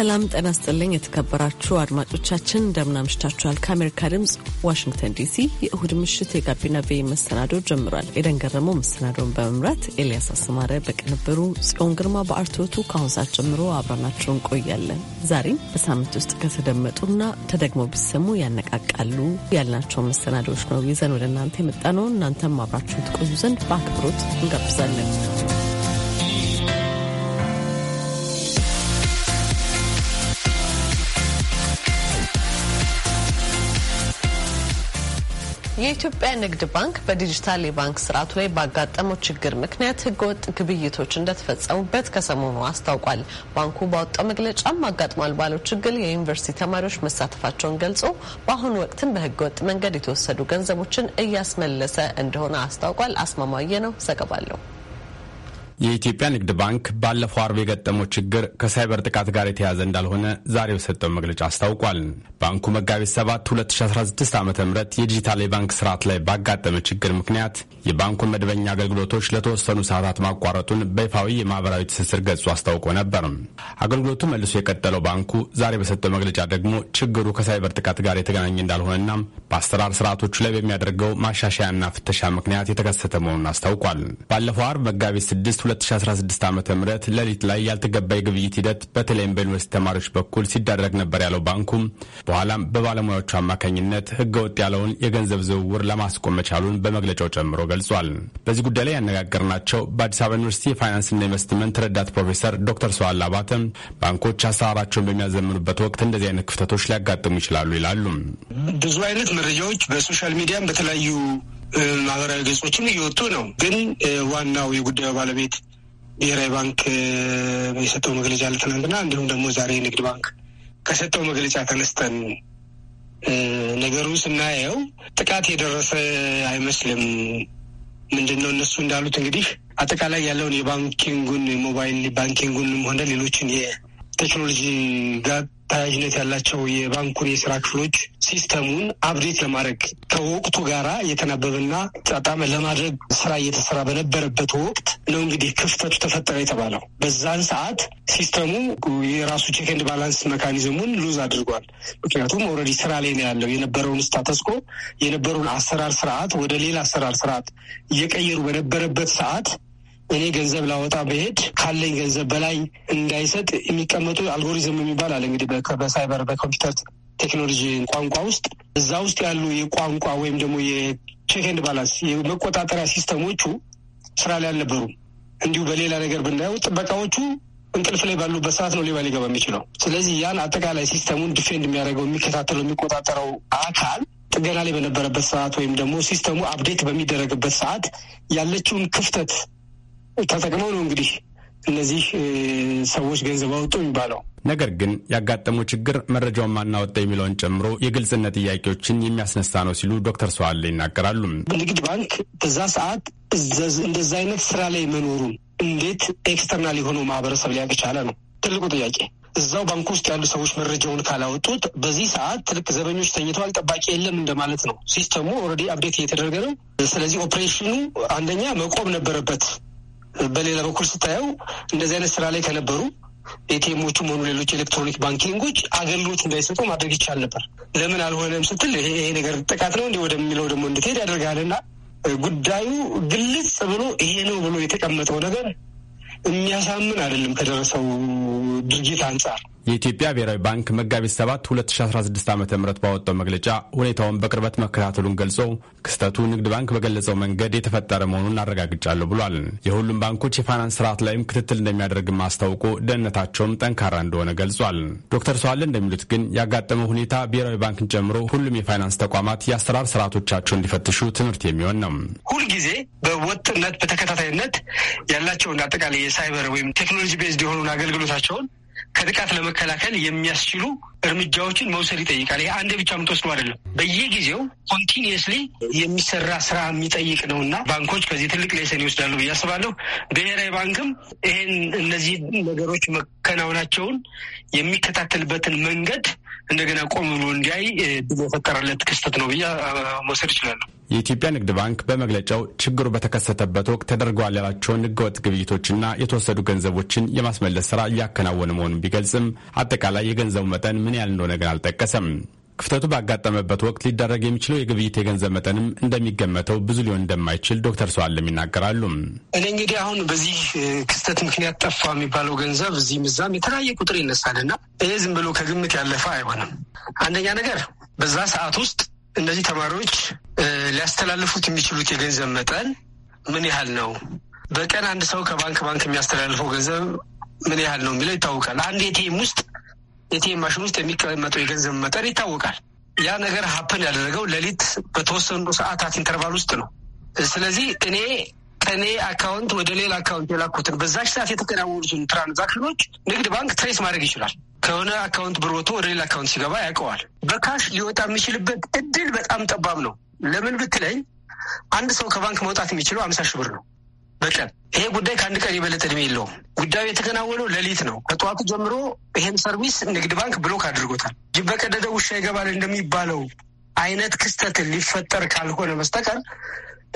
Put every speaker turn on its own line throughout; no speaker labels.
ሰላም ጤና ስጥልኝ። የተከበራችሁ አድማጮቻችን እንደምናምሽታችኋል። ከአሜሪካ ድምፅ ዋሽንግተን ዲሲ የእሁድ ምሽት የጋቢና ቤ መሰናዶ ጀምሯል። ኤደን ገረመው መሰናዶውን በመምራት ኤልያስ አስማረ በቅንብሩ፣ ጽዮን ግርማ በአርትዖቱ ከአሁን ሰዓት ጀምሮ አብረናቸው እንቆያለን። ዛሬም በሳምንት ውስጥ ከተደመጡና ተደግሞ ቢሰሙ ያነቃቃሉ ያልናቸው መሰናዶዎች ነው ይዘን ወደ እናንተ የመጣ ነው። እናንተም አብራችሁን ትቆዩ ዘንድ በአክብሮት እንጋብዛለን። የኢትዮጵያ ንግድ ባንክ በዲጂታል የባንክ ስርዓቱ ላይ ባጋጠመው ችግር ምክንያት ህገወጥ ግብይቶች እንደተፈጸሙበት ከሰሞኑ አስታውቋል። ባንኩ ባወጣው መግለጫም አጋጥሟል ባለው ችግር የዩኒቨርሲቲ ተማሪዎች መሳተፋቸውን ገልጾ በአሁኑ ወቅትም በህገወጥ መንገድ የተወሰዱ ገንዘቦችን እያስመለሰ እንደሆነ አስታውቋል። አስማማየ ነው ዘገባለሁ።
የኢትዮጵያ ንግድ ባንክ ባለፈው አርብ የገጠመው ችግር ከሳይበር ጥቃት ጋር የተያዘ እንዳልሆነ ዛሬ በሰጠው መግለጫ አስታውቋል። ባንኩ መጋቢት 7 2016 ዓ ም የዲጂታል የባንክ ስርዓት ላይ ባጋጠመ ችግር ምክንያት የባንኩን መደበኛ አገልግሎቶች ለተወሰኑ ሰዓታት ማቋረጡን በይፋዊ የማህበራዊ ትስስር ገጹ አስታውቆ ነበር። አገልግሎቱ መልሶ የቀጠለው ባንኩ ዛሬ በሰጠው መግለጫ ደግሞ ችግሩ ከሳይበር ጥቃት ጋር የተገናኘ እንዳልሆነና በአሰራር ስርዓቶቹ ላይ በሚያደርገው ማሻሻያና ፍተሻ ምክንያት የተከሰተ መሆኑን አስታውቋል። ባለፈው አርብ መጋቢት 6 2016 ዓ ም ሌሊት ላይ ያልተገባ የግብይት ሂደት በተለይም በዩኒቨርሲቲ ተማሪዎች በኩል ሲደረግ ነበር ያለው ባንኩም በኋላም በባለሙያዎቹ አማካኝነት ህገወጥ ያለውን የገንዘብ ዝውውር ለማስቆም መቻሉን በመግለጫው ጨምሮ ገልጿል። በዚህ ጉዳይ ላይ ያነጋገርናቸው በአዲስ አበባ ዩኒቨርሲቲ የፋይናንስና ኢንቨስትመንት ረዳት ፕሮፌሰር ዶክተር ሰዋላ አባተ ባንኮች አሰራራቸውን በሚያዘምኑበት ወቅት እንደዚህ አይነት ክፍተቶች ሊያጋጥሙ ይችላሉ ይላሉ።
ብዙ አይነት መረጃዎች በሶሻል ሚዲያም በተለያዩ ማህበራዊ ገጾችም እየወጡ ነው። ግን ዋናው የጉዳዩ ባለቤት ብሔራዊ ባንክ የሰጠው መግለጫ ለትናንትና እንዲሁም ደግሞ ዛሬ ንግድ ባንክ ከሰጠው መግለጫ ተነስተን ነገሩ ስናየው ጥቃት የደረሰ አይመስልም። ምንድን ነው እነሱ እንዳሉት እንግዲህ አጠቃላይ ያለውን የባንኪንጉን ሞባይል ባንኪንጉንም ሆነ ሌሎችን ቴክኖሎጂ ጋር ተያያዥነት ያላቸው የባንኩን የስራ ክፍሎች ሲስተሙን አብዴት ለማድረግ ከወቅቱ ጋራ የተናበበና ጣጣመ ለማድረግ ስራ እየተሰራ በነበረበት ወቅት ነው እንግዲህ ክፍተቱ ተፈጠረ የተባለው። በዛን ሰዓት ሲስተሙ የራሱ ቼክንድ ባላንስ መካኒዝሙን ሉዝ አድርጓል። ምክንያቱም ኦልሬዲ ስራ ላይ ነው ያለው። የነበረውን ስታተስኮ የነበረውን አሰራር ስርዓት ወደ ሌላ አሰራር ስርዓት እየቀየሩ በነበረበት ሰዓት እኔ ገንዘብ ላወጣ በሄድ ካለኝ ገንዘብ በላይ እንዳይሰጥ የሚቀመጡ አልጎሪዝም የሚባል አለ እንግዲህ በሳይበር በኮምፒውተር ቴክኖሎጂ ቋንቋ ውስጥ እዛ ውስጥ ያሉ የቋንቋ ወይም ደግሞ የቼክንድ ባላንስ የመቆጣጠሪያ ሲስተሞቹ ስራ ላይ አልነበሩም። እንዲሁ በሌላ ነገር ብናየው ጥበቃዎቹ እንቅልፍ ላይ ባሉበት ሰዓት ነው ሌባ ሊገባ የሚችለው። ስለዚህ ያን አጠቃላይ ሲስተሙን ዲፌንድ የሚያደርገው የሚከታተለው፣ የሚቆጣጠረው አካል ጥገና ላይ በነበረበት ሰዓት ወይም ደግሞ ሲስተሙ አፕዴት በሚደረግበት ሰዓት ያለችውን ክፍተት ተጠቅመው ነው እንግዲህ እነዚህ ሰዎች ገንዘብ አወጡ የሚባለው።
ነገር ግን ያጋጠመው ችግር መረጃውን ማናወጣ የሚለውን ጨምሮ የግልጽነት ጥያቄዎችን የሚያስነሳ ነው ሲሉ ዶክተር ሰዋለ ይናገራሉ።
ንግድ ባንክ በዛ ሰዓት እንደዛ አይነት ስራ ላይ መኖሩን እንዴት ኤክስተርናል የሆነው ማህበረሰብ ሊያውቅ ቻለ ነው ትልቁ ጥያቄ። እዛው ባንክ ውስጥ ያሉ ሰዎች መረጃውን ካላወጡት በዚህ ሰዓት ትልቅ ዘበኞች ተኝተዋል፣ ጠባቂ የለም እንደማለት ነው። ሲስተሙ ኦልሬዲ አፕዴት እየተደረገ ነው። ስለዚህ ኦፕሬሽኑ አንደኛ መቆም ነበረበት። በሌላ በኩል ስታየው እንደዚህ አይነት ስራ ላይ ከነበሩ ኤቲኤሞቹም ሆኑ ሌሎች ኤሌክትሮኒክ ባንኪንጎች አገልግሎት እንዳይሰጡ ማድረግ ይቻል ነበር። ለምን አልሆነም ስትል ይሄ ነገር ጥቃት ነው እንዲህ ወደሚለው ደግሞ እንድትሄድ ያደርጋልና ጉዳዩ ግልጽ ብሎ ይሄ ነው ብሎ የተቀመጠው ነገር የሚያሳምን አይደለም ከደረሰው ድርጊት አንጻር
የኢትዮጵያ ብሔራዊ ባንክ መጋቢት 7 2016 ዓ ም ባወጣው መግለጫ ሁኔታውን በቅርበት መከታተሉን ገልጾ ክስተቱ ንግድ ባንክ በገለጸው መንገድ የተፈጠረ መሆኑን አረጋግጫለሁ ብሏል። የሁሉም ባንኮች የፋይናንስ ስርዓት ላይም ክትትል እንደሚያደርግ አስታውቆ ደህንነታቸውም ጠንካራ እንደሆነ ገልጿል። ዶክተር ሰዋለ እንደሚሉት ግን ያጋጠመው ሁኔታ ብሔራዊ ባንክን ጨምሮ ሁሉም የፋይናንስ ተቋማት የአሰራር ስርዓቶቻቸው እንዲፈትሹ ትምህርት የሚሆን ነው።
ሁልጊዜ በወጥነት በተከታታይነት ያላቸውን አጠቃላይ የሳይበር ወይም ቴክኖሎጂ ቤዝድ የሆኑን አገልግሎታቸውን ከጥቃት ለመከላከል የሚያስችሉ እርምጃዎችን መውሰድ ይጠይቃል። ይሄ አንድ ብቻ የምትወስደው አይደለም። በየጊዜው ኮንቲኒየስሊ የሚሰራ ስራ የሚጠይቅ ነው እና ባንኮች ከዚህ ትልቅ ሌሰን ይወስዳሉ ብዬ አስባለሁ። ብሔራዊ ባንክም ይሄን እነዚህ ነገሮች መከናወናቸውን የሚከታተልበትን መንገድ እንደገና ቆም ብሎ እንዲያይ እድል የፈጠረለት ክስተት ነው ብዬ መውሰድ ይችላለሁ።
የኢትዮጵያ ንግድ ባንክ በመግለጫው ችግሩ በተከሰተበት ወቅት ተደርገዋል ያላቸውን ህገወጥ ግብይቶችና የተወሰዱ ገንዘቦችን የማስመለስ ስራ እያከናወነ መሆኑን ቢገልጽም አጠቃላይ የገንዘቡ መጠን ምን ያህል እንደሆነ ግን አልጠቀሰም። ክፍተቱ ባጋጠመበት ወቅት ሊደረግ የሚችለው የግብይት የገንዘብ መጠንም እንደሚገመተው ብዙ ሊሆን እንደማይችል ዶክተር ሰዋለም ይናገራሉ።
እኔ እንግዲህ አሁን በዚህ ክስተት ምክንያት ጠፋ የሚባለው ገንዘብ እዚህም እዛም የተለያየ ቁጥር ይነሳልና ይህ ዝም ብሎ ከግምት ያለፈ አይሆንም። አንደኛ ነገር በዛ ሰዓት ውስጥ እነዚህ ተማሪዎች ሊያስተላልፉት የሚችሉት የገንዘብ መጠን ምን ያህል ነው? በቀን አንድ ሰው ከባንክ ባንክ የሚያስተላልፈው ገንዘብ ምን ያህል ነው የሚለው ይታወቃል። አንድ ኤቲኤም ውስጥ ኤቲኤም ማሽን ውስጥ የሚቀመጠው የገንዘብ መጠን ይታወቃል። ያ ነገር ሀፕን ያደረገው ሌሊት በተወሰኑ ሰዓታት ኢንተርቫል ውስጥ ነው። ስለዚህ እኔ ከእኔ አካውንት ወደ ሌላ አካውንት የላኩትን በዛች ሰዓት የተከናወኑትን ትራንዛክሽኖች ንግድ ባንክ ትሬስ ማድረግ ይችላል። ከሆነ አካውንት ብር ወጥቶ ወደ ሌላ አካውንት ሲገባ ያውቀዋል። በካሽ ሊወጣ የሚችልበት እድል በጣም ጠባብ ነው። ለምን ብትለኝ አንድ ሰው ከባንክ መውጣት የሚችለው አምሳ ሺህ ብር ነው። በቀን ይሄ ጉዳይ ከአንድ ቀን የበለጠ እድሜ የለውም። ጉዳዩ የተከናወነው ሌሊት ነው። ከጠዋቱ ጀምሮ ይሄን ሰርቪስ ንግድ ባንክ ብሎክ አድርጎታል። ጅብ በቀደደ ውሻ ይገባል እንደሚባለው አይነት ክስተትን ሊፈጠር ካልሆነ በስተቀር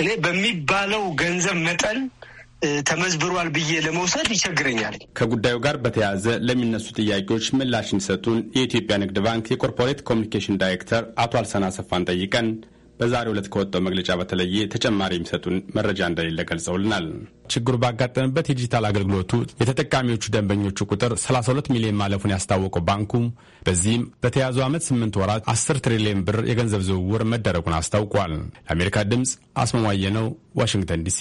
እኔ በሚባለው ገንዘብ መጠን ተመዝብሯል ብዬ ለመውሰድ ይቸግረኛል።
ከጉዳዩ ጋር በተያያዘ ለሚነሱ ጥያቄዎች ምላሽ እንዲሰጡን የኢትዮጵያ ንግድ ባንክ የኮርፖሬት ኮሚኒኬሽን ዳይሬክተር አቶ አልሰና ሰፋን ጠይቀን በዛሬው ዕለት ከወጣው መግለጫ በተለየ ተጨማሪ የሚሰጡን መረጃ እንደሌለ ገልጸውልናል። ችግሩ ባጋጠመበት የዲጂታል አገልግሎቱ የተጠቃሚዎቹ ደንበኞቹ ቁጥር 32 ሚሊዮን ማለፉን ያስታወቀው ባንኩ በዚህም በተያዙ ዓመት 8 ወራት 10 ትሪሊዮን ብር የገንዘብ ዝውውር መደረጉን አስታውቋል። ለአሜሪካ ድምፅ አስማማየ ነው፣ ዋሽንግተን ዲሲ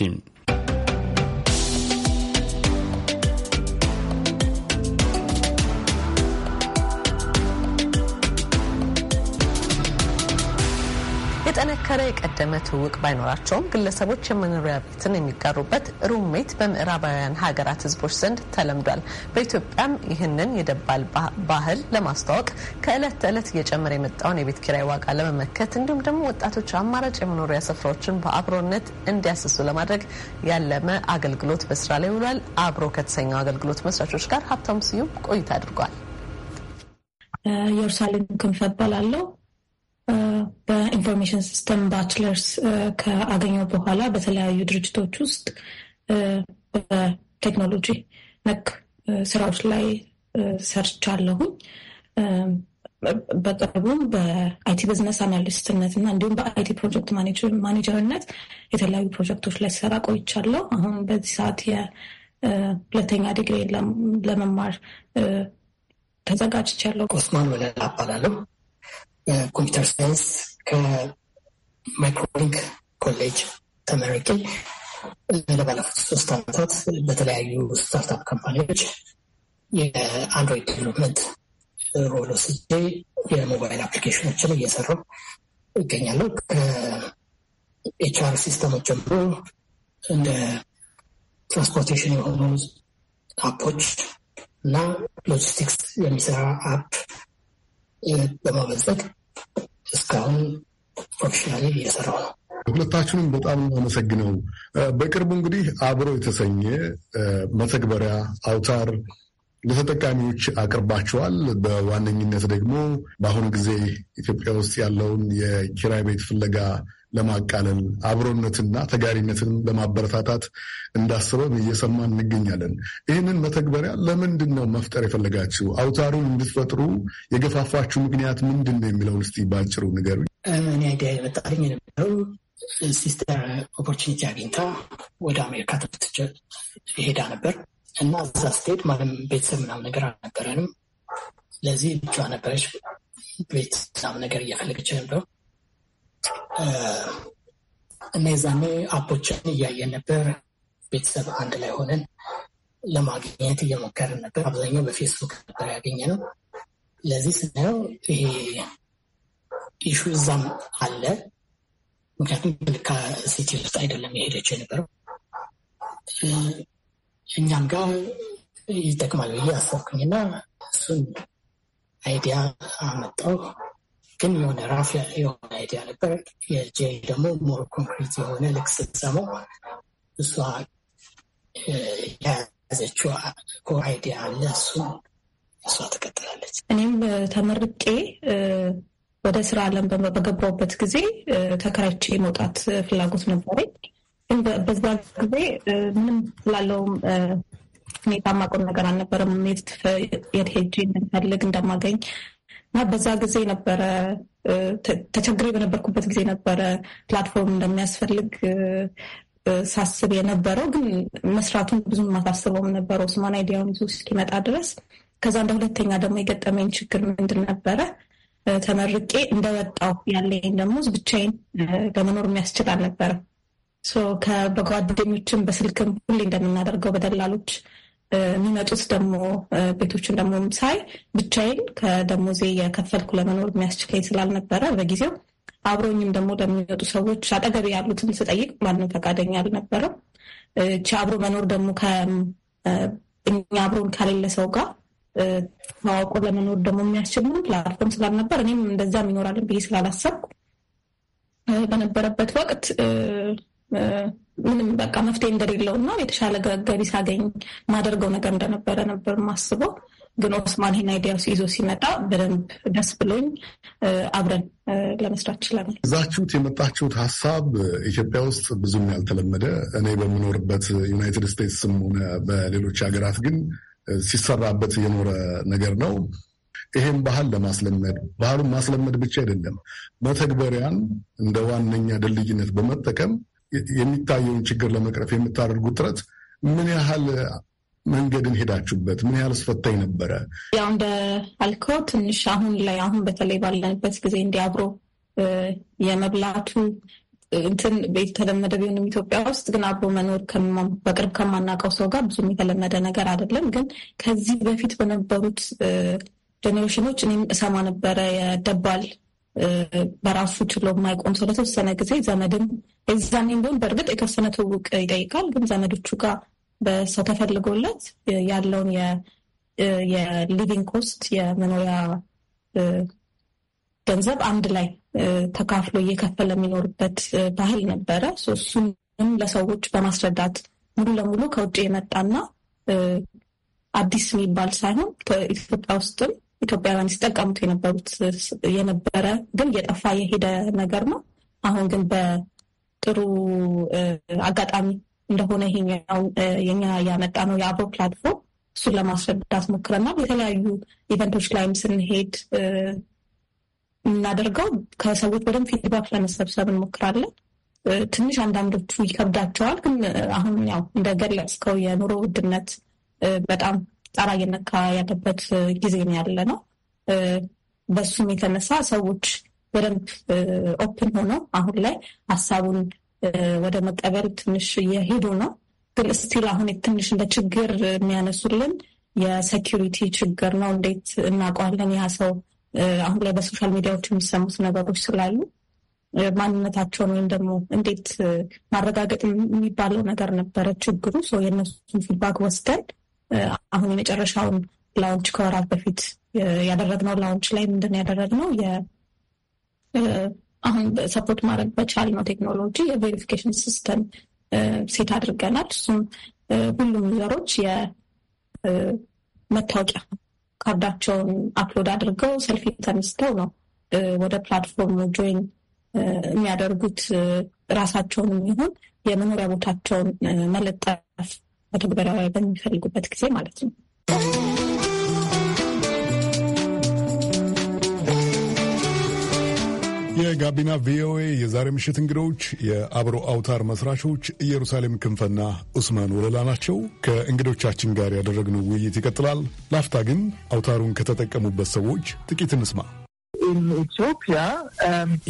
የቀደመ ትውውቅ ባይኖራቸውም ግለሰቦች የመኖሪያ ቤትን የሚጋሩበት ሩሜት በምዕራባውያን ሀገራት ህዝቦች ዘንድ ተለምዷል። በኢትዮጵያም ይህንን የደባል ባህል ለማስተዋወቅ ከእለት ተዕለት እየጨመረ የመጣውን የቤት ኪራይ ዋጋ ለመመከት እንዲሁም ደግሞ ወጣቶች አማራጭ የመኖሪያ ስፍራዎችን በአብሮነት እንዲያስሱ ለማድረግ ያለመ አገልግሎት በስራ ላይ ውሏል። አብሮ ከተሰኘው አገልግሎት መስራቾች ጋር ሀብታሙ ስዩም ቆይታ አድርጓል።
ኢየሩሳሌም ክንፈ እባላለሁ። በኢንፎርሜሽን ሲስተም ባችለርስ ከአገኘው በኋላ በተለያዩ ድርጅቶች ውስጥ በቴክኖሎጂ ነክ ስራዎች ላይ ሰርቻለሁኝ። በቅርቡም በአይቲ ብዝነስ አናሊስትነት እና እንዲሁም በአይቲ ፕሮጀክት ማኔጀርነት የተለያዩ ፕሮጀክቶች ላይ ሰራ ቆይቻለሁ። አሁን በዚህ ሰዓት የሁለተኛ ዲግሪ ለመማር ተዘጋጅቻለሁ። ኦስማን
ወለላ እባላለሁ። ኮምፒውተር ሳይንስ ከማይክሮሊንክ ኮሌጅ ተመረቄ ለባለፉት ሶስት ዓመታት በተለያዩ ስታርታፕ ካምፓኒዎች የአንድሮይድ ዴቨሎፕመንት ሮሎ ስጄ የሞባይል አፕሊኬሽኖችን እየሰራ ይገኛለሁ። ከኤችአር ሲስተሞች ጀምሮ እንደ ትራንስፖርቴሽን የሆኑ አፖች እና ሎጂስቲክስ የሚሰራ አፕ በማበዘግ
እስካሁን ኦፊሻሊ እየሰራው ነው። ሁለታችሁንም በጣም አመሰግነው። በቅርቡ እንግዲህ አብሮ የተሰኘ መተግበሪያ አውታር ለተጠቃሚዎች አቅርባቸዋል። በዋነኝነት ደግሞ በአሁኑ ጊዜ ኢትዮጵያ ውስጥ ያለውን የኪራይ ቤት ፍለጋ ለማቃለል አብሮነትና ተጋሪነትን ለማበረታታት እንዳስበን እየሰማን እንገኛለን። ይህንን መተግበሪያ ለምንድን ነው መፍጠር የፈለጋችሁ? አውታሩን እንድትፈጥሩ የገፋፋችሁ ምክንያት ምንድን ነው የሚለውን እስቲ ባጭሩ ንገሩኝ።
እኔ አይዲያ የመጣልኝ የነበረው ሲስተር ኦፖርቹኒቲ አግኝታ ወደ አሜሪካ ትምህርት ይሄዳ ነበር እና እዛ ስትሄድ ማለም ቤተሰብ ምናምን ነገር አልነበረንም። ለዚህ ብቻ ነበረች። ቤት ምናምን ነገር እያፈለገች ነበረው እና የዛኔ አፖችን እያየን ነበር። ቤተሰብ አንድ ላይ ሆነን ለማግኘት እየሞከርን ነበር። አብዛኛው በፌስቡክ ነበር ያገኘ ነው። ለዚህ ስናየው ይሄ ኢሹ እዛም አለ። ምክንያቱም ልካ ሲቲ ውስጥ አይደለም የሄደችው የነበረው። እኛም ጋር ይጠቅማል ብዬ አሰብኩኝና እሱን አይዲያ አመጣው። ግን የሆነ ራፍ የሆነ አይዲያ ነበር። የጄ ደግሞ ሞር ኮንክሪት የሆነ ልክ ስትሰማው እሷ የያዘችው ኮር አይዲያ አለ። እሱን እሷ
ትቀጥላለች። እኔም ተመርቄ ወደ ስራ አለም በገባሁበት ጊዜ ተከራይቼ መውጣት ፍላጎት ነበረኝ። ግን በዛ ጊዜ ምንም ስላለውም ሁኔታ ማቆም ነገር አልነበረም። የት ሄጄ እንደምፈልግ እንደማገኝ እና በዛ ጊዜ ነበረ ተቸግሬ በነበርኩበት ጊዜ ነበረ ፕላትፎርም እንደሚያስፈልግ ሳስብ የነበረው ግን መስራቱን ብዙም ማሳስበውም ነበረው ኦስማን አይዲያውን ይዞ እስኪመጣ ድረስ። ከዛ እንደ ሁለተኛ ደግሞ የገጠመኝ ችግር ምንድን ነበረ? ተመርቄ እንደወጣው ያለኝ ደግሞ ብቻዬን ለመኖር የሚያስችል አልነበረም። በጓደኞችም በስልክም ሁሌ እንደምናደርገው በደላሎች የሚመጡት ደግሞ ቤቶችን ደግሞ ሳይ ብቻዬን ከደሞዜ የከፈልኩ ለመኖር የሚያስችለኝ ስላልነበረ በጊዜው አብሮኝም ደግሞ ለሚመጡ ሰዎች አጠገብ ያሉትን ስጠይቅ ማንም ፈቃደኛ አልነበረም። እቺ አብሮ መኖር ደግሞ እኛ አብሮን ከሌለ ሰው ጋር ተዋውቆ ለመኖር ደግሞ የሚያስችል ምንም ፕላትፎርም ስላልነበር እኔም እንደዛም ይኖራልን ብዬ ስላላሰብኩ በነበረበት ወቅት ምንም በቃ መፍትሄ እንደሌለው እና የተሻለ ገቢ ሳገኝ ማደርገው ነገር እንደነበረ ነበር ማስበው። ግን ኦስማን ይህን አይዲያ ይዞ ሲመጣ በደንብ ደስ ብሎኝ አብረን ለመስራት ችለናል።
እዛችሁት የመጣችሁት ሀሳብ ኢትዮጵያ ውስጥ ብዙም ያልተለመደ እኔ በምኖርበት ዩናይትድ ስቴትስም ሆነ በሌሎች ሀገራት ግን ሲሰራበት የኖረ ነገር ነው። ይሄን ባህል ለማስለመድ ባህሉን ማስለመድ ብቻ አይደለም፣ መተግበሪያን እንደ ዋነኛ ድልድይነት በመጠቀም የሚታየውን ችግር ለመቅረፍ የምታደርጉት ጥረት ምን ያህል መንገድን ሄዳችሁበት? ምን ያህል አስፈታኝ ነበረ?
ያው እንደ አልከው ትንሽ አሁን ላይ አሁን በተለይ ባለንበት ጊዜ እንዲያብሮ የመብላቱ እንትን የተለመደ ቢሆንም ኢትዮጵያ ውስጥ ግን አብሮ መኖር በቅርብ ከማናውቀው ሰው ጋር ብዙም የተለመደ ነገር አይደለም። ግን ከዚህ በፊት በነበሩት ጀኔሬሽኖች እኔም እሰማ ነበረ የደባል በራሱ ችሎ የማይቆም ሰው ለተወሰነ ጊዜ ዘመድም የዛኔም ቢሆን በእርግጥ የተወሰነ ትውውቅ ይጠይቃል። ግን ዘመዶቹ ጋር በሰው ተፈልጎለት ያለውን የሊቪንግ ኮስት የመኖሪያ ገንዘብ አንድ ላይ ተካፍሎ እየከፈለ የሚኖርበት ባህል ነበረ። እሱንም ለሰዎች በማስረዳት ሙሉ ለሙሉ ከውጭ የመጣና አዲስ የሚባል ሳይሆን ከኢትዮጵያ ውስጥም ኢትዮጵያውያን ሲጠቀሙት የነበሩት የነበረ ግን እየጠፋ የሄደ ነገር ነው። አሁን ግን በጥሩ አጋጣሚ እንደሆነ ይሄኛው የኛ ያመጣ ነው የአብሮ ፕላትፎርም እሱን ለማስረዳት ሞክረናል። የተለያዩ ኢቨንቶች ላይም ስንሄድ የምናደርገው ከሰዎች በደንብ ፊድባክ ለመሰብሰብ እንሞክራለን። ትንሽ አንዳንዶቹ ይከብዳቸዋል፣ ግን አሁን ያው እንደገለጽከው የኑሮ ውድነት በጣም ጣራ እየነካ ያለበት ጊዜ ነው ያለ ነው። በሱም የተነሳ ሰዎች በደንብ ኦፕን ሆነው አሁን ላይ ሀሳቡን ወደ መቀበል ትንሽ እየሄዱ ነው። ግን እስቲል አሁን ትንሽ እንደ ችግር የሚያነሱልን የሴኪሪቲ ችግር ነው። እንዴት እናውቀዋለን ያ ሰው አሁን ላይ በሶሻል ሚዲያዎች የሚሰሙት ነገሮች ስላሉ ማንነታቸውን ወይም ደግሞ እንዴት ማረጋገጥ የሚባለው ነገር ነበረ ችግሩ። የእነሱን ፊድባክ ወስደን አሁን የመጨረሻውን ላውንች ከወራት በፊት ያደረግነው ላውንች ላይ ምንድን ያደረግነው አሁን ሰፖርት ማድረግ በቻል ነው ቴክኖሎጂ የቬሪፊኬሽን ሲስተም ሴት አድርገናል። እሱም ሁሉም ዩዘሮች የመታወቂያ ካርዳቸውን አፕሎድ አድርገው ሰልፊ ተነስተው ነው ወደ ፕላትፎርሙ ጆይን የሚያደርጉት። ራሳቸውን የሚሆን የመኖሪያ ቦታቸውን መለጠፍ መተግበሪያ በሚፈልጉበት ጊዜ ማለት ነው።
የጋቢና ቪኦኤ የዛሬ ምሽት እንግዶች የአብሮ አውታር መስራቾች ኢየሩሳሌም ክንፈና ኡስማን ወለላ ናቸው። ከእንግዶቻችን ጋር ያደረግነው ውይይት ይቀጥላል። ላፍታ ግን አውታሩን ከተጠቀሙበት ሰዎች ጥቂት
እንስማ።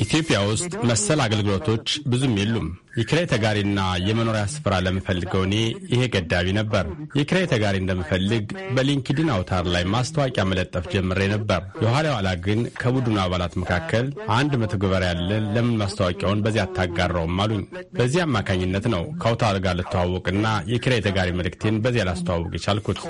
ኢትዮጵያ um, ውስጥ መሰል አገልግሎቶች ብዙም የሉም። የኪራይ ተጋሪና የመኖሪያ ስፍራ ለምፈልገው እኔ ይሄ ገዳቢ ነበር። የኪራይ ተጋሪ እንደምፈልግ በሊንክዲን አውታር ላይ ማስታወቂያ መለጠፍ ጀምሬ ነበር። የኋላ ኋላ ግን ከቡድኑ አባላት መካከል አንድ መተግበሪያ ያለ ለምን ማስታወቂያውን በዚያ አታጋራውም አሉኝ። በዚህ አማካኝነት ነው ከአውታር ጋር ልተዋወቅና የክራይ ተጋሪ መልእክቴን በዚያ ላስተዋውቅ የቻልኩት።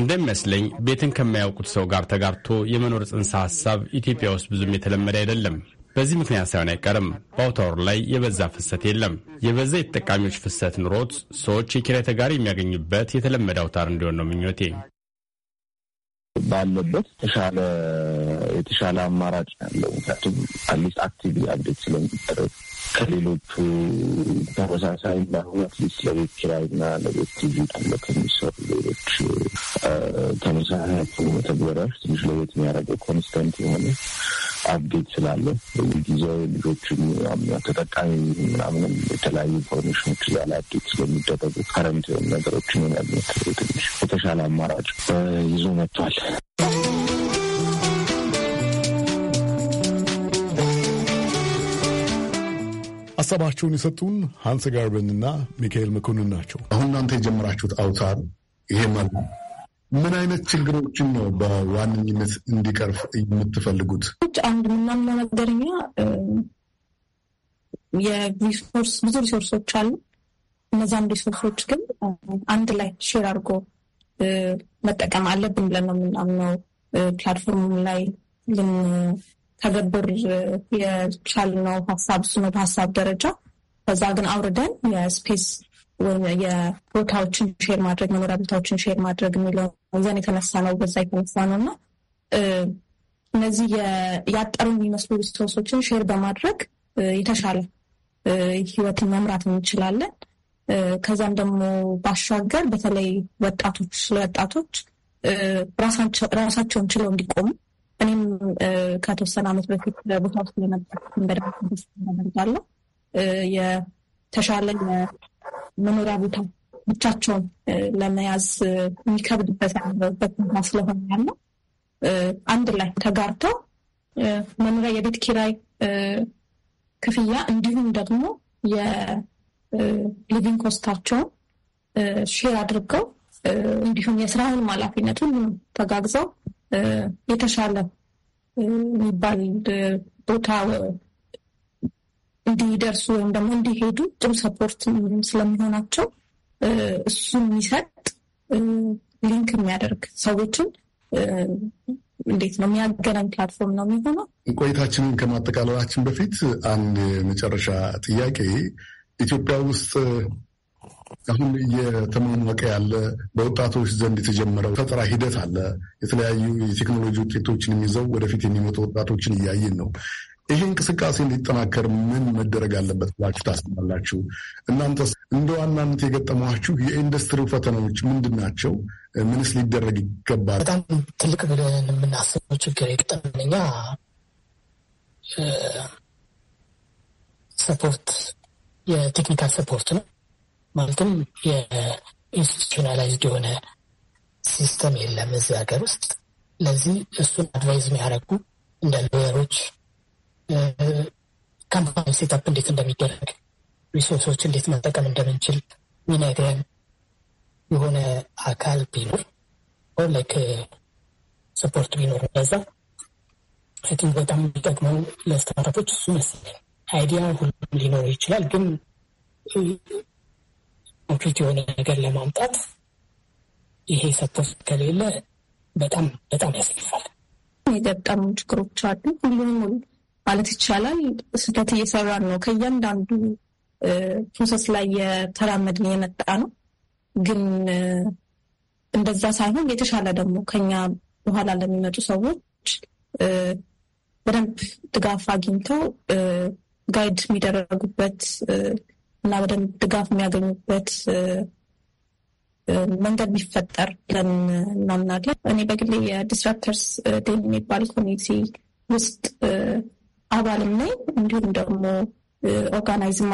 እንደሚመስለኝ ቤትን ከማያውቁት ሰው ጋር ተጋርቶ የመኖር ጽንሰ ሀሳብ ኢትዮጵያ ውስጥ ብዙም የተለመደ አይደለም። በዚህ ምክንያት ሳይሆን አይቀርም በአውታወሩ ላይ የበዛ ፍሰት የለም። የበዛ የተጠቃሚዎች ፍሰት ኑሮት ሰዎች የኪራይ ተጋሪ የሚያገኙበት የተለመደ አውታር እንዲሆን ነው ምኞቴ።
ባለበት ተሻለ የተሻለ
አማራጭ ያለው ምክንያቱም አትሊስት አክቲቭ አብዴት ስለሚደረግ ከሌሎቹ ተመሳሳይ ባይሆኑ አትሊስት ለቤት ኪራይ ኪራይና ለቤት ቲቪ ተብለው ከሚሰሩ ሌሎች ተመሳሳይ መተግበሪያዎች ትንሽ ለቤት የሚያደርገው ኮንስተንት የሆነ አፕዴት ስላለ በየጊዜው ልጆችን ተጠቃሚ ምናምንም የተለያዩ ኢንፎርሜሽኖች ያለ አፕዴት ስለሚደረጉ ከረንት ነገሮችን ያግኘት ትንሽ
የተሻለ አማራጭ ይዞ መጥቷል። ሀሳባቸውን የሰጡን ሀንስ ጋርበንና ሚካኤል መኮንን ናቸው። አሁን እናንተ የጀመራችሁት አውታር ይሄ ምን አይነት ችግሮችን ነው በዋነኝነት እንዲቀርፍ የምትፈልጉት? አንድ የምናምነው ነገርኛ የሪሶርስ
ብዙ ሪሶርሶች አሉ። እነዛን ሪሶርሶች ግን አንድ ላይ ሼር አድርጎ መጠቀም አለብን ብለን ነው የምናምነው። ፕላትፎርም ላይ ተገብር የቻልነው ሀሳብ እሱ ነው በሀሳብ ደረጃ። ከዛ ግን አውርደን የስፔስ ወይም የቦታዎችን ሼር ማድረግ መኖሪያ ቦታዎችን ሼር ማድረግ የሚለው ይዘን የተነሳ ነው። በዛ የተነሳ ነው እና እነዚህ ያጠሩ የሚመስሉ ሪሶርሶችን ሼር በማድረግ የተሻለ ህይወትን መምራት እንችላለን። ከዛም ደግሞ ባሻገር በተለይ ወጣቶች ስለወጣቶች ራሳቸውን ችለው እንዲቆሙ እኔም ከተወሰነ ዓመት በፊት በቦታ ውስጥ ለመጣትን በደንብ የተሻለ የመኖሪያ ቦታ ብቻቸውን ለመያዝ የሚከብድበት ያለበት ቦታ ስለሆነ ያለው አንድ ላይ ተጋርተው መኖሪያ የቤት ኪራይ ክፍያ እንዲሁም ደግሞ የሊቪንግ ኮስታቸውን ሼር አድርገው እንዲሁም የስራውን ኃላፊነት ሁሉም ተጋግዘው የተሻለ የሚባል ቦታ እንዲደርሱ ወይም ደግሞ እንዲሄዱ ጥሩ ሰፖርት ስለሚሆናቸው እሱን የሚሰጥ ሊንክ የሚያደርግ ሰዎችን እንዴት ነው የሚያገናኝ ፕላትፎርም ነው የሚሆነው።
ቆይታችንን ከማጠቃለላችን በፊት አንድ መጨረሻ ጥያቄ ኢትዮጵያ ውስጥ አሁን እየተሟሟቀ ያለ በወጣቶች ዘንድ የተጀመረው ፈጠራ ሂደት አለ። የተለያዩ የቴክኖሎጂ ውጤቶችን ይዘው ወደፊት የሚመጡ ወጣቶችን እያየን ነው። ይሄ እንቅስቃሴ እንዲጠናከር ምን መደረግ አለበት ብላችሁ ታስባላችሁ? እናንተስ እንደ ዋናነት የገጠሟችሁ የኢንዱስትሪው ፈተናዎች ምንድን ናቸው? ምንስ ሊደረግ ይገባል? በጣም
ትልቅ ብለን የምናስበው ችግር የገጠመኛ ሰፖርት የቴክኒካል ሰፖርት ነው። ማለትም የኢንስቲቱሽናላይዝድ የሆነ ሲስተም የለም እዚህ ሀገር ውስጥ። ለዚህ እሱን አድቫይዝ የሚያደርጉ እንደ ሎየሮች ካምፓኒ ሴታፕ እንዴት እንደሚደረግ፣ ሪሶርሶች እንዴት መጠቀም እንደምንችል ሚነግረን የሆነ አካል ቢኖር ላይክ ሰፖርት ቢኖር እንደዛ አይ በጣም የሚጠቅመው ለስታርቶች እሱ መሰለኝ። አይዲያ ሁሉም ሊኖር ይችላል ግን ኮንክሪት የሆነ ነገር ለማምጣት ይሄ ሰፖርት ከሌለ በጣም በጣም ያስልፋል።
የገጠሙ ችግሮች አሉ። ሁሉንም ማለት ይቻላል ስህተት እየሰራን ነው። ከእያንዳንዱ ፕሮሰስ ላይ የተራመድን የመጣ ነው። ግን እንደዛ ሳይሆን የተሻለ ደግሞ ከኛ በኋላ ለሚመጡ ሰዎች በደንብ ድጋፍ አግኝተው ጋይድ የሚደረጉበት እና በደንብ ድጋፍ የሚያገኙበት መንገድ ቢፈጠር ብለን እናምናለን። እኔ በግሌ የዲስራፕተርስ ዴን የሚባል ኮሚኒቲ ውስጥ አባልም ነኝ። እንዲሁም ደግሞ ኦርጋናይዝም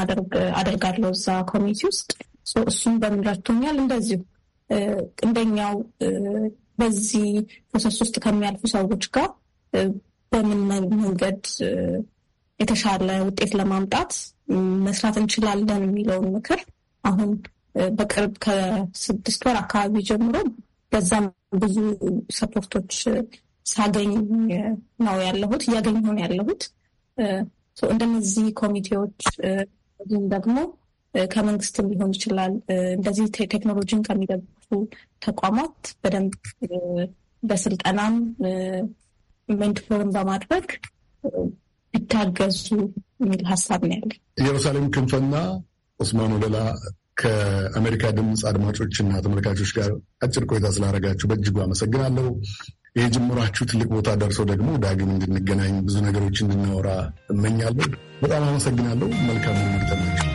አደርጋለሁ እዛ ኮሚኒቲ ውስጥ እሱም በምን እንደዚሁ እንደኛው በዚህ ፕሮሰስ ውስጥ ከሚያልፉ ሰዎች ጋር በምን መንገድ የተሻለ ውጤት ለማምጣት መስራት እንችላለን የሚለውን ምክር አሁን በቅርብ ከስድስት ወር አካባቢ ጀምሮ በዛም ብዙ ሰፖርቶች ሳገኝ ነው ያለሁት እያገኝ ሆን ያለሁት። እንደነዚህ ኮሚቴዎች እንዲሁም ደግሞ ከመንግስትም ሊሆን ይችላል እንደዚህ ቴክኖሎጂን ከሚደግፉ ተቋማት በደንብ በስልጠናም ሜንቶርን በማድረግ ቢታገዙ የሚል ሀሳብ ነው ያለ።
ኢየሩሳሌም ክንፈና ኦስማን ወደላ ከአሜሪካ ድምፅ አድማጮችና ተመልካቾች ጋር አጭር ቆይታ ስላደረጋችሁ በእጅጉ አመሰግናለሁ። ይህ ትልቅ ቦታ ደርሰው ደግሞ ዳግም እንድንገናኝ ብዙ ነገሮች እንድናወራ እመኛለሁ። በጣም አመሰግናለሁ። መልካም ምርጠናቸው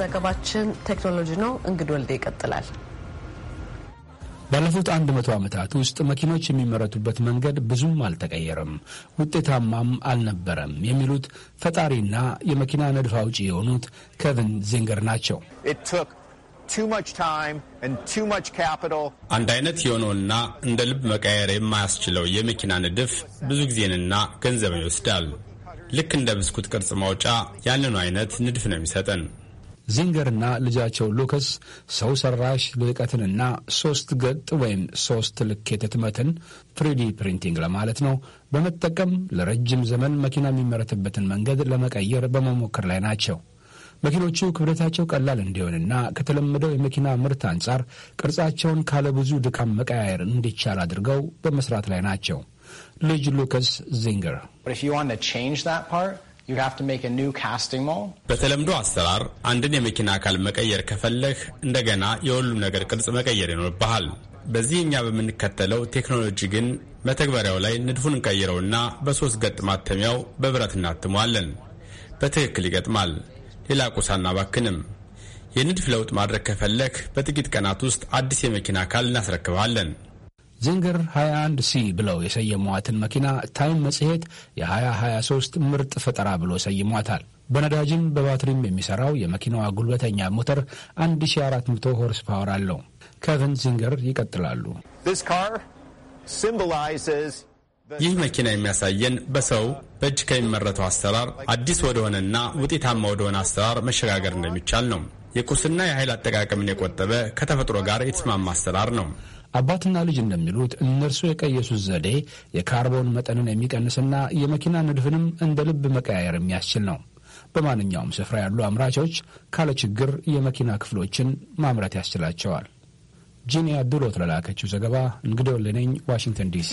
ዘገባችን ቴክኖሎጂ ነው። እንግድ ወልደ ይቀጥላል።
ባለፉት አንድ መቶ ዓመታት ውስጥ መኪኖች የሚመረቱበት መንገድ ብዙም አልተቀየረም፣ ውጤታማም አልነበረም የሚሉት ፈጣሪና የመኪና ንድፍ አውጪ የሆኑት ኬቪን ዚንገር ናቸው።
አንድ አይነት የሆነውና እንደ ልብ መቀየር የማያስችለው የመኪና ንድፍ ብዙ ጊዜንና ገንዘብን ይወስዳል። ልክ እንደ ብስኩት ቅርጽ ማውጫ ያንኑ አይነት ንድፍ ነው የሚሰጠን።
ዚንገርና ልጃቸው ሉከስ ሰው ሰራሽ ልዕቀትንና ሶስት ገጥ ወይም ሶስት ልኬት ህትመትን ትሪዲ ፕሪንቲንግ ለማለት ነው በመጠቀም ለረጅም ዘመን መኪና የሚመረትበትን መንገድ ለመቀየር በመሞከር ላይ ናቸው። መኪኖቹ ክብደታቸው ቀላል እንዲሆንና ከተለመደው የመኪና ምርት አንጻር ቅርጻቸውን ካለ ብዙ ድካም መቀያየር እንዲቻል አድርገው በመስራት ላይ ናቸው። ልጅ ሉከስ
ዚንገር በተለምዶ አሰራር አንድን የመኪና አካል መቀየር ከፈለህ እንደገና የሁሉም ነገር ቅርጽ መቀየር ይኖርብሃል። በዚህ እኛ በምንከተለው ቴክኖሎጂ ግን መተግበሪያው ላይ ንድፉን እንቀይረውና በሶስት ገጥ ማተሚያው በብረት እናትመዋለን። በትክክል ይገጥማል። ሌላ ቁሳ አናባክንም። የንድፍ ለውጥ ማድረግ ከፈለክ በጥቂት ቀናት ውስጥ አዲስ የመኪና አካል እናስረክብሃለን።
ዚንገር 21 ሲ ብለው የሰየሟትን መኪና ታይም መጽሔት የ2023 ምርጥ ፈጠራ ብሎ ሰይሟታል። በነዳጅም በባትሪም የሚሠራው የመኪናዋ ጉልበተኛ ሞተር 1400 ሆርስ ፓወር አለው። ከቨን ዚንገር ይቀጥላሉ።
ይህ መኪና የሚያሳየን በሰው በእጅ ከሚመረተው አሰራር አዲስ ወደሆነና ውጤታማ ወደሆነ አሰራር መሸጋገር እንደሚቻል ነው። የቁስና የኃይል አጠቃቀምን የቆጠበ ከተፈጥሮ ጋር የተስማማ አሰራር ነው።
አባትና ልጅ እንደሚሉት እነርሱ የቀየሱት ዘዴ የካርቦን መጠንን የሚቀንስና የመኪና ንድፍንም እንደ ልብ መቀያየር የሚያስችል ነው። በማንኛውም ስፍራ ያሉ አምራቾች ካለ ችግር የመኪና ክፍሎችን ማምረት ያስችላቸዋል። ጂኒያ ዱሎት ለላከችው ዘገባ እንግዶ ልነኝ ዋሽንግተን ዲሲ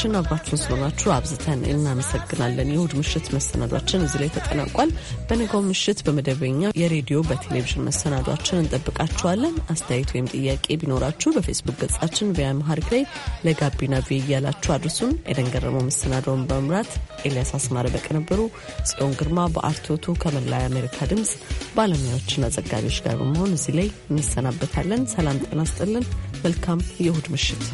አድማጮቻችን አብራችሁን ስለሆናችሁ አብዝተን እናመሰግናለን። የእሁድ ምሽት መሰናዷችን እዚህ ላይ ተጠናቋል። በንጋው ምሽት በመደበኛ የሬዲዮ በቴሌቪዥን መሰናዷችን እንጠብቃችኋለን። አስተያየት ወይም ጥያቄ ቢኖራችሁ በፌስቡክ ገጻችን ቪያምሃሪክ ላይ ለጋቢና ቪ እያላችሁ አድርሱን። ኤደን ገረመው መሰናዶውን በመምራት ኤልያስ አስማረ በቅንብሩ፣ ጽዮን ግርማ በአርቶቱ ከመላ የአሜሪካ ድምፅ ባለሙያዎችና ዘጋቢዎች ጋር በመሆን እዚህ ላይ እንሰናበታለን። ሰላም ጤና ስጥልን። መልካም የእሁድ ምሽት